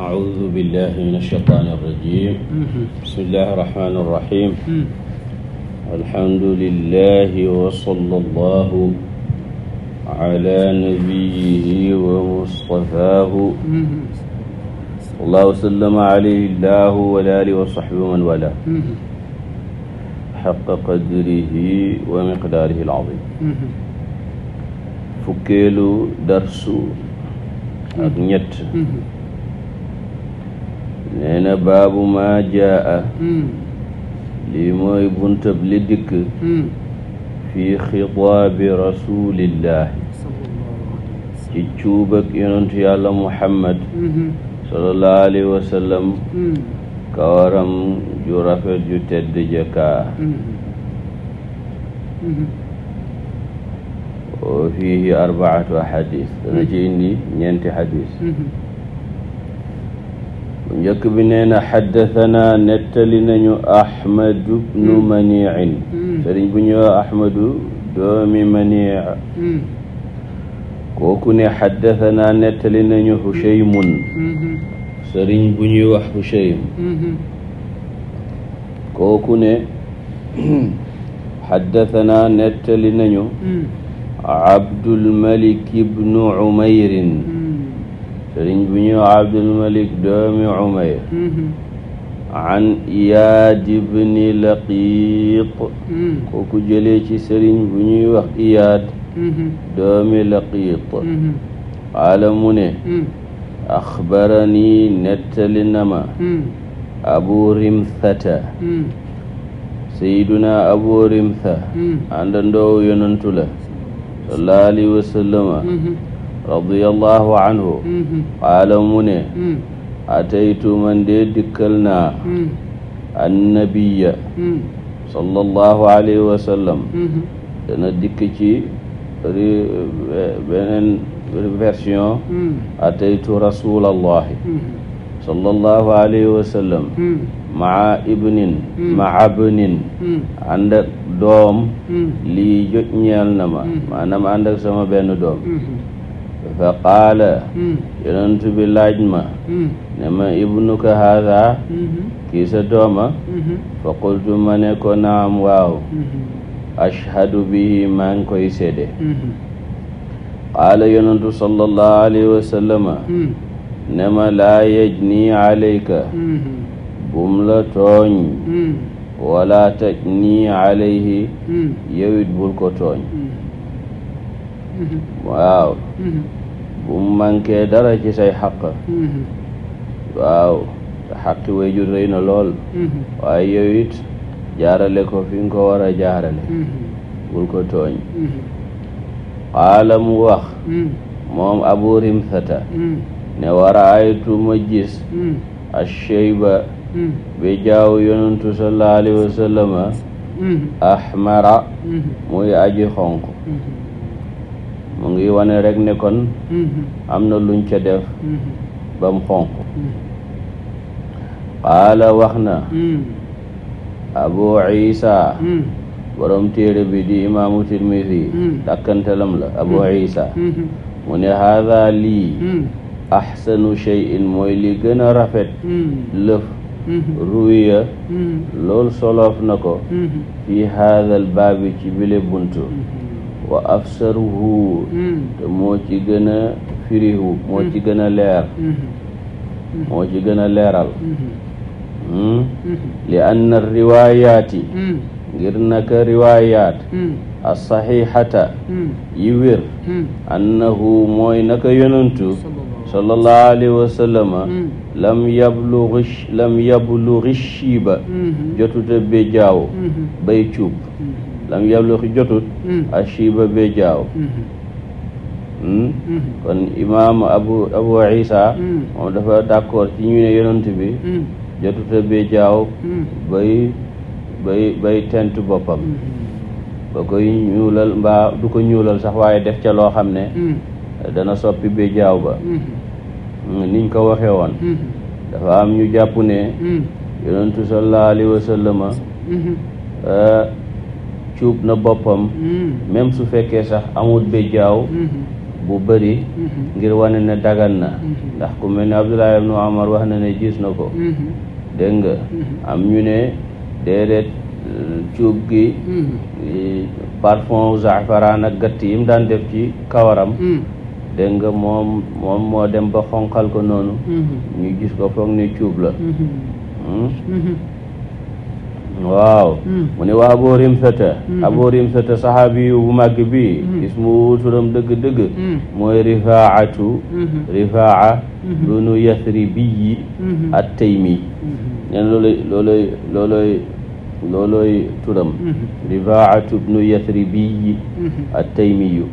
أعوذ بالله من الشيطان الرجيم بسم الله الرحمن الرحيم الحمد لله وصلى الله على نبيه ومصطفاه صلى الله وسلم عليه الله والآله وصحبه ومن والاه حق قدره ومقداره العظيم fukkeelu darsu ak ñett nee na baabu maa jaa hmm. lii mooy buntab li dikk hmm. fii xitaabi rasulillahi ci cuubak yonent yàlla muhammad hmm. sallallahu alayhi wa sallam kawaram ju rafet ju tedd jëkkaa wa fiihi arbaatu ahadis dana ci indi ñeenti hadis bu njëkk bi nee na xaddasanaa nettali nañu ahmadu bnu hmm. maniin hmm. sëriñ bu ñëw ahmadu doomi manii hmm. kooku ne xaddasanaa nettali nañu hushaymun sëriñ bu ñuy wax hushaym kooku ne xaddasanaa nettali nañu abdulmalik ibnu umayrin sëriñ bu ñu abdul malik doomi umayr mm-hmm. an iyaad ibni laqiit mm-hmm. kooku jëlee ci sëriñ bu ñuy wax iyaad mm-hmm. doomi laqiit qaala mu ne axbarani nettali na ma abu rimthata sayduna abu rimtha àndandoow yonantu la sallallahu alayhi wa sallama radiyallahu anhu mm-hmm. qaala mu ne mm. ataytu man dee dikkal naa mm. annabiya mm. sallallahu alayhi wa sallam mm-hmm. dana dikk ci eh, beneen version ataytu rasulallahi mm-hmm. sallallahu alayhi wa sallam maa ibnin maa abnin ànd ak doom lii jot ñeel na ma maanaam ànd ak sama benn doom fa qaala hmm. yonent bi laaj ma hmm. ne ma ibnuka haada hmm. kii sa dooma fa qultu ma ne ko naam waaw ashhadu bihi maa ngi koy seede qaala yonentu sallallahu alayhi wa sallama ne ma laa yejni alayka bum la tooñ wala tajni alayhi yowit bul ko tooñ waaw bu dara ci say xaq mm-hmm. waaw te xaqi waajur rëy na lool mm-hmm. waaye yow jaarale ko fi nga ko war a jaarale mm-hmm. bul tooñ qaala mu wax moom abu rimsata ne waraaytu ma gis asheyba bi jaaw yonantu sallallahu alayhi wa ahmara muy aji xonq mu ngi wane rek ne kon mhm. am na luñ ca def mhm. ba mu xonq mhm. qaala wax na abu isa borom téere bi di imaamu tirmidi dàkkantalam la abu isa mu ne haada lii axsanu cheyin mooy li gën a rafet lëf ruwiya lool soloof na ko fi haadal baabi ci bile buntu wa afsaruhu hmm. te moo ci gën a firihu moo ci hmm. gën a leer hmm. moo ci gën a leeral li anna riwaayaati ngir naka riwaayaat as-saxiixata yi wér annahu mooy naka yonantu sallallahu alayhi wa sallama lam yablughi lam yablughi shiiba jotuta be jaaw bay cuub lam yablu xi jotut hmm. a shiiba bee jaaw hmm. Hmm? kon imaam abu abu isa moom dafa d'accord ci ñu ne yonent bi jotuta bee jaaw bay bay bay tent boppam ba koy ñuulal mbaa du ko ñuulal sax waaye def ca loo xam ne dana soppi bee jaaw ba niñ ko waxee woon dafa am ñu jàpp ne yonentu sallallahu wa sallama eh, cuub na boppam mm. même su fekkee sax amul béjjaaw mm-hmm. bu bëri mm-hmm. ngir wane ne dagan na mm-hmm. ndax ku mel ne Abdullah ibnu Omar wax na ne gis na ko dégg nga am ñu ne déedéet cuub gi eh, parfum zaafaraan ak gatt yim daan def ci kawaram mm. dégg nga moom moom moo dem ba xonqal ko noonu ñu gis ko foog ne cuub la hmm? Mm. waaw mm. mu ne waa aboo rimsata mm-hmm. aboo rimsata saxaabi yu bu màgg bi mm-hmm. ismu turam dëgg-dëgg mm. mooy rifaatu mm-hmm. rifaa dunu yasribiyi at taymi neen looloy looloy looloy looloy turam rifaatu bnu yasribiyi at taymiyu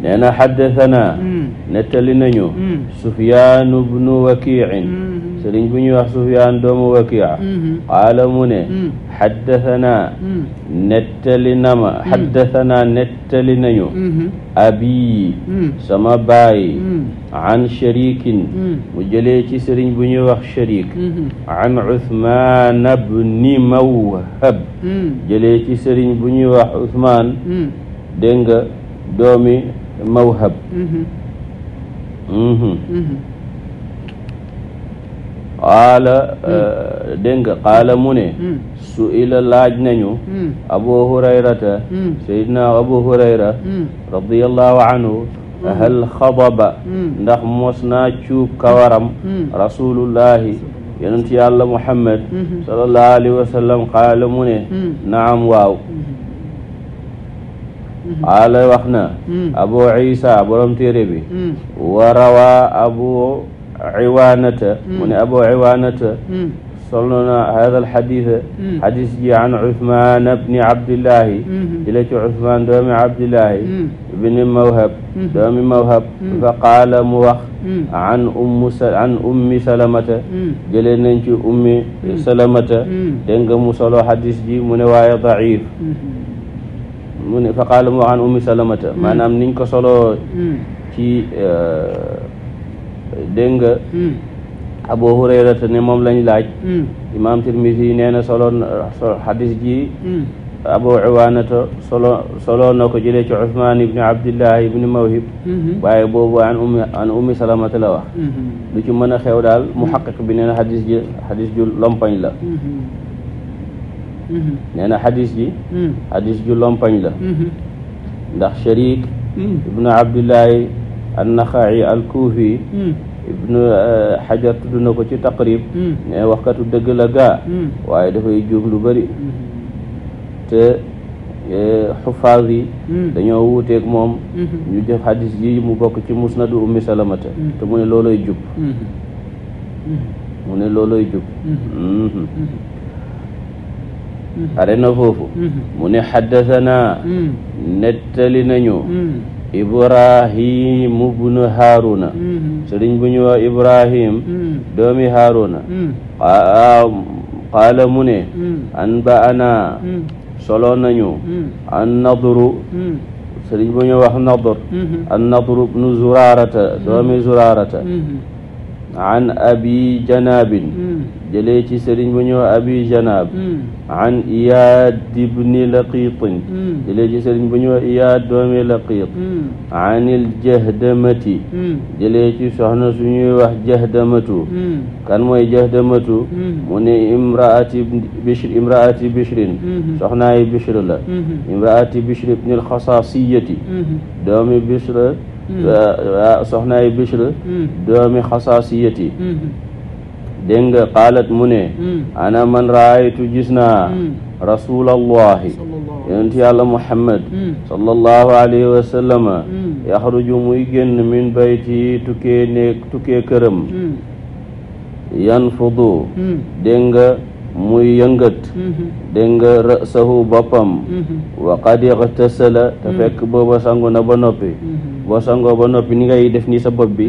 nee na xaddatanaa mm. nettali nañu mm. sufyaanu bnu wakiicin mm-hmm. sëriñ bu ñuy wax sufyaan doomu wakiica mm-hmm. qaala mu ne mm. xaddatanaa nettali nama xaddatanaa nettali nañu mm-hmm. abiyi sama baayi an shariikin mu jëlee ci sëriñ bu ñuy wax shariik an uthmaan bni mawhab jëlee ci sëriñ bu ñuy wax uthmaan dégg nga doomi mawhab qaala dégg nga qaala mu ne su ila laaj nañu abu hurayrata sayidna abu hurayra radiallahu anhu hal xadaba ndax mos naa cuub kawaram rasulullahi yonent yàlla muhammad sallallahu alayhi wa sallam qaala mu ne naam waaw qaala mhm. wax na hmm. abu isa borom téere bi hmm. wa rawaa abu ciwaanata hmm. mu ne abu ciwaanata solno na hada alxadis xadis ji an Usmaan bni Abdillahi jële ci Usmaan doomi Abdillahi bni Mawhab doomi Mawhab fa qaala mu wax an ummu an ummi salamata jële nañ ci ummi salamata dégg nga mu solo xadis ji mu ne waaye daif mu ne faqaala mu an ummi salamata hmm. maanaam niñ ko soloo hmm. ci euh, dégg nga hmm. abu hurayrata ne moom lañ laaj imaam tirmisi nee na soloon xadis ji abu uwaanata solo soloo na ko jëlee ci usmaan ibni abdillahi ibni mawhib waaye boobu an ummi an ummi salamata la wax lu ci mën a xew daal mu xaqiq bi nee na xadis ji xadis ju lompañ la Mm-hmm. nee na xadis bi mm-hmm. xadis ju lompañ la mm-hmm. ndax sharik ibnu abdullahi annaxaayi alkuufi ibnu eh, xajar tudd na ko ci taqrib ne waxkatu dëgg la ga waaye dafay juum lu bari te eh, xufaas yi dañoo wuuteeg moom ñu jëf xadis yi mu bokk ci musnadu ummi salamata te mu ne looloy jub ne looloy jub pare mm-hmm. na foofu mm-hmm. mu ne xaddasanaa mm. nettali nañu mm. ibrahim ubnu haaruna mm-hmm. sëriñ bu ñu wax ibrahim mm. doomi haaruna qaala mu ne an ba ana solo nañu an nadru sëriñ bu ñu wax nadr an nadru bnu zuraarata doomi zuraarata an abi janaabin hmm. jëlee ci sëriñ bu ñuy wax abi janaab hmm. an iyaad ibni laqiitin hmm. jëlee ci sëriñ bu ñuy wax iyaad doomi laqiit an il jahdamati jëlee ci soxna su ñuy wax jahdamatu kan mooy jahdamatu mu ne imraati bishr imraati bishrin soxnaayi bishr la imraati bishr ibnil xasaasiyati doomi bishr Mm. soxnaay Bishr mm. doomi xasaasiyati mm. dégg nga qaalat mu ne ana man raaytu gis naa rasulallahi yonent yàlla muhammad sallallahu alayhi wa sallama yaxruju muy génn min bayti tukkee néeg tukkee këram yanfudu dégg nga muy yëngat mm-hmm. dégg nga rësahu boppam mm-hmm. wa qad ixtasala te mm-hmm. fekk booba sangu na ba noppi boo sangoo ba noppi ni ngay def nii sa bopp bi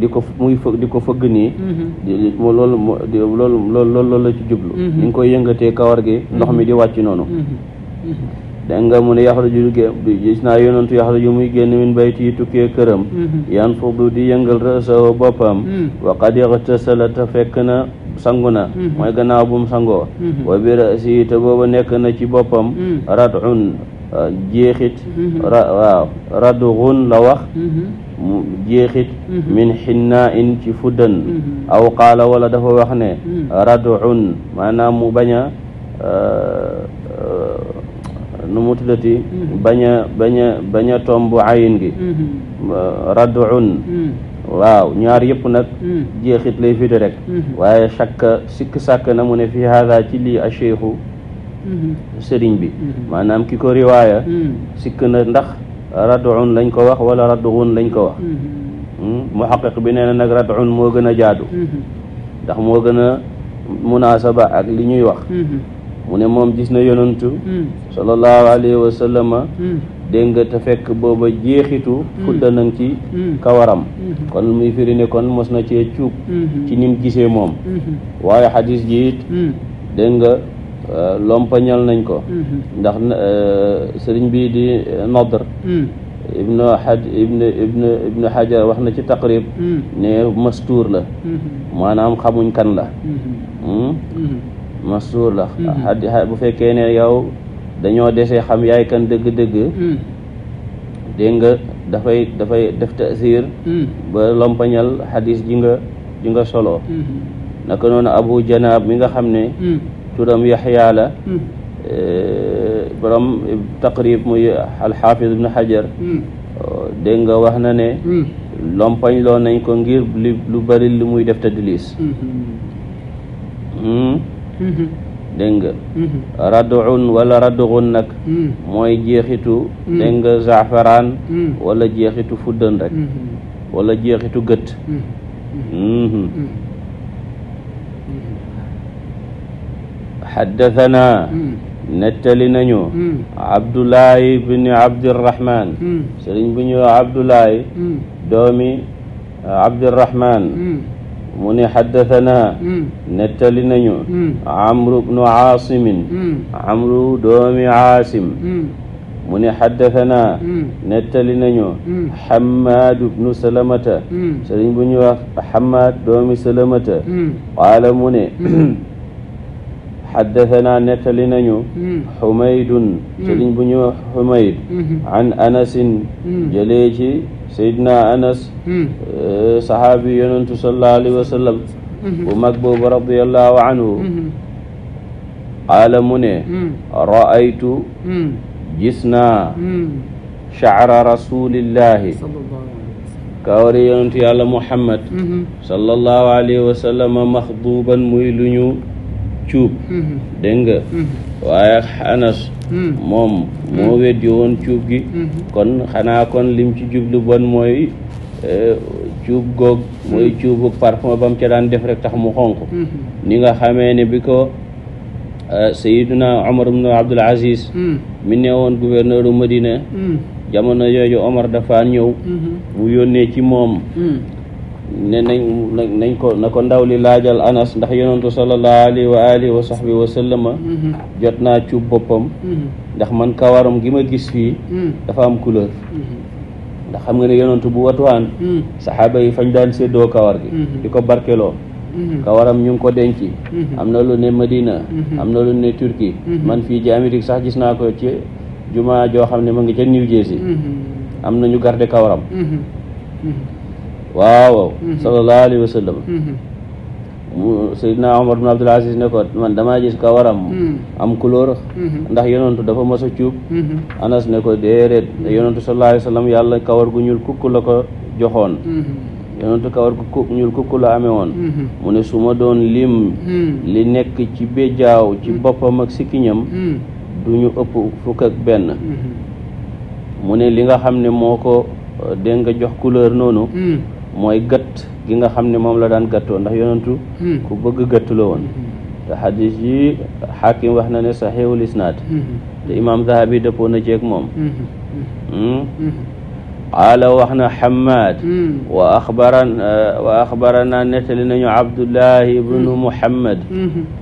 di ko muy fëgg di ko fëgg nii loolu loolu loolu la ci jublu ni nga koy yëngatee kawar gi ndox mi di wàcc noonu dégg nga mu ne yaxruju gis naa yonantu yaxruju muy génn min bayti yi tukkee këram yan fudu di yëngal rësahu boppam mm. wa qad ixtasala te fekk na sangu na mm-hmm. mooy gannaaw bu mu sangoo wa mm-hmm. bi rasi te booba nekk na ci boppam mm-hmm. radun uh, jeexit waaw raduxun la wax mu jeexit min xinnaa in ci fuddan aw qaala wala dafa wax ne raduun maanaam mu bañ a uh, uh, nu mu tuddati bañ a bañ a bañ a tomb ayin gi raduun waaw ñaar yëpp nag hmm. jeexit lay firi rek hmm. waaye shakk sikk sàkk na mu ne fi haada ci lii a cheikhu hmm. sëriñ bi maanaam ki ko riwaaya sikk na ndax radun lañ ko wax wala radun lañ ko wax muhaqiq bi nee na nag radun moo gën a jaadu ndax moo gën a munaasaba ak li ñuy wax mu dégg nga te fekk booba jéexitu mm. fudda nang ci mm. kawaram mm-hmm. kon muy firi ne kon mos na cee cuub mm-hmm. ci nim gisee moom mm-hmm. waaye xadis ji it mm. dégg nga euh, lompañal nañ ko ndax euh, sëriñ bi di euh, nadr ibnu xaj ibnu ibnu ibnu wax na ci taqrib ne mastuur la maanaam xamuñ kan la hmm? mastuur la bu fekkee ne yow dañoo desee xam yaay kan dëgg-dëgg hmm. dégg nga dafay dafay def tasir hmm. ba lompañal xadis ji nga ji nga solo hmm. naka noonu abu janaab mi nga xam ne turam yaxyaa la eh, borom taqrib muy alxaafis ibnu xajar oh, dégg nga wax na ne lompañ loo nañ ko ngir lu bari lu muy def tadlis dégg nga mm-hmm. raduun wala raduun nag mm. mooy jeexitu mm. dégg nga zaafaraan mm. wala jeexitu fuddën rek mm-hmm. wala jeexitu gët xaddatanaa mm-hmm. nettali nañu abdoulahi bni abdirahman sëriñ bu ñëw abdoulahi doomi abdirahman mu ne xaddatanaa hmm. nettali nañu hmm. amru bnu aasimin hmm. amru doomi aasim mu ne xaddatanaa nettali nañu xammaadu bnu salamata sëriñ bu ñu wax xammaad doomi salamata qaala mu ne xaddatanaa nettali nañu xumaydun sëriñ bu ñu xumayd an anasin jëlee ci saydna anas saxaabi yonentu sallallahu alayhi wa sallam bu mag boobu radiallahu anhu qaala mu ne raaytu gis naa shacra rasulillahi kawari yonentu yàlla muhammad sallallahu alayhi wa sallam maxduuban muy lu ñu cuub mm-hmm. dégg nga mm-hmm. waaye anas mm. moom mm. moo weddi woon cuub gi mm-hmm. kon xanaa kon lim ci jublu bon mooy euh, cuub goog mooy cuubu parfum ba mu ca daan def rek tax mu xonq ni nga xamee ne bi ko euh, sayiduna omar ibnu abdul aziz mm. mi ne woon gouverneur madina jamono yooyu omar dafa ñëw mu yónnee ci moom ne nañ ko na ko ndaw li laajal anas ndax yonentu sallallahu alayhi wa alihi wa sahbi mm-hmm. jot naa cuub boppam mm-hmm. ndax man kawaram gi ma gis fii mm-hmm. dafa am couleur ndax xam nga ne yonentu bu watuwaan saxaaba yi fañ daan séddoo kawar gi di ko barkeloo kawaram ñu ngi ko denc am na lu ne Madina am na lu ne Turquie man fii ci Amérique sax gis naa ko ci jumaa joo xam ne ma ngi ca New Jersey am na ñu garde kawaram waaw waaw mhm. sallallahu alayhi wa sallam mhm. Seydina Omar bin Abdul Aziz ne ko man damaa gis ka waram mhm. am couleur ndax yonentu dafa mos a cuub Anas ne ko déedéet yonentu sallallahu alayhi wa yàlla kawar gu ñuul kukk la ko joxoon yonentu kawar gu ñuul kukk la amee woon mu ne su doon lim li nekk ci béjaaw ci boppam ak sikiñam du ñu ëpp fukk ak benn mu ne li nga xam ne moo ko eh, dégg nga jox couleur noonu mooy gëtt gi nga xam ne moom la daan gëttoo ndax yonentu hmm. ku bëgg gëtt la woon hmm. te xadis yi xaakim wax na ne saxiihul isnaad hmm. te imaam dahabi dëppoo na ceeg moom qaala wax na xamad wa axbara wa axbarana nettali nañu abdullahi ibnu muhammad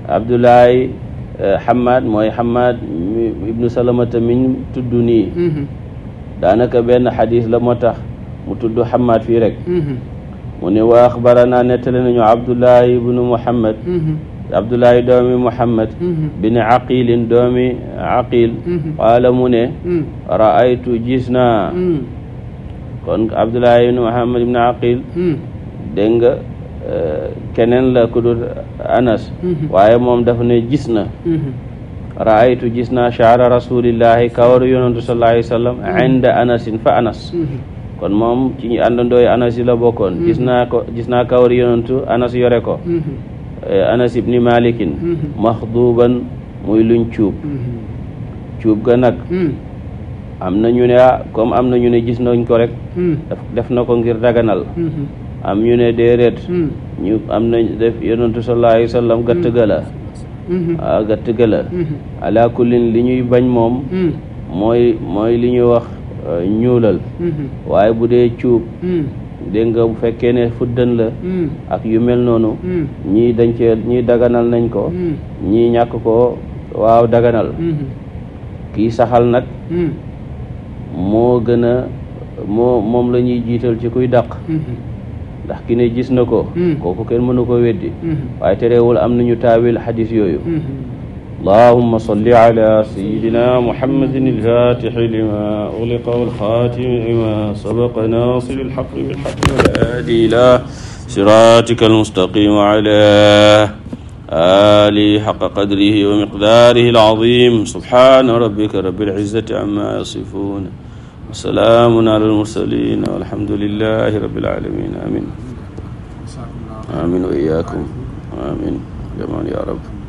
abdullahi eh, xamad mooy xamad ibnu salamata min tudd nii daanaka benn xadis la moo tax mu tudd Hammaad fii rek mm-hmm. mu ne wa axbarana nettali nañu Abdullahi ibnu Muhammad mm-hmm. Abdullahi doomi Muhammad mm-hmm. bin Aqilin doomi Aqil qaala mu ne mm. ra'aytu gis naa mm. kon Abdullahi ibnu Muhammad bin Aqil mm. dégg nga euh, keneen la ku dul Anas waaye moom dafa ne gis na raaytu gis naa chaara rasulillahi kawaru yonantu sallallahu alayhi wa sallam inda anasin fa anas kon moom ci ñu àndandooy anas yi la bokkoon mm-hmm. gis naa ko gis naa kawar yonantu anas yore ko mm-hmm. eh, anas ibni malikin mm-hmm. maxduuban muy luñ cuub cuub ga nag mm. am na ñu ne ah am na ñu ne gis nañ ko rek mm. def na ko ngir daganal am ñu ne déeréet mm. ñu am na wa sallam gàtt ga la waaw ah, gàtt ga li ñuy bañ moom mooy mooy li ñuy wax Euh, ñuulal mm-hmm. waaye bu dee cuub mm. dégg nga bu fekkee ne fuddën la mm. ak yu mel noonu mm. ñii dañ ñii daganal nañ ko ñii ñàkk ko waaw daganal mm-hmm. kii saxal nag moo gën moom lañuy jiital ci kuy dàq mm-hmm. ndax ki ne gis na ko kooku kenn mënu ko weddi waaye terewul am nañu taawil xadis yooyu اللهم صل على سيدنا محمد الفاتح لما أغلق والخاتم لما سبق ناصر الحق بالحق والهادي إلى صراطك المستقيم على آله حق قدره ومقداره العظيم سبحان ربك رب العزة عما يصفون وسلام على المرسلين والحمد لله رب العالمين آمين آمين وإياكم آمين جميعا يا رب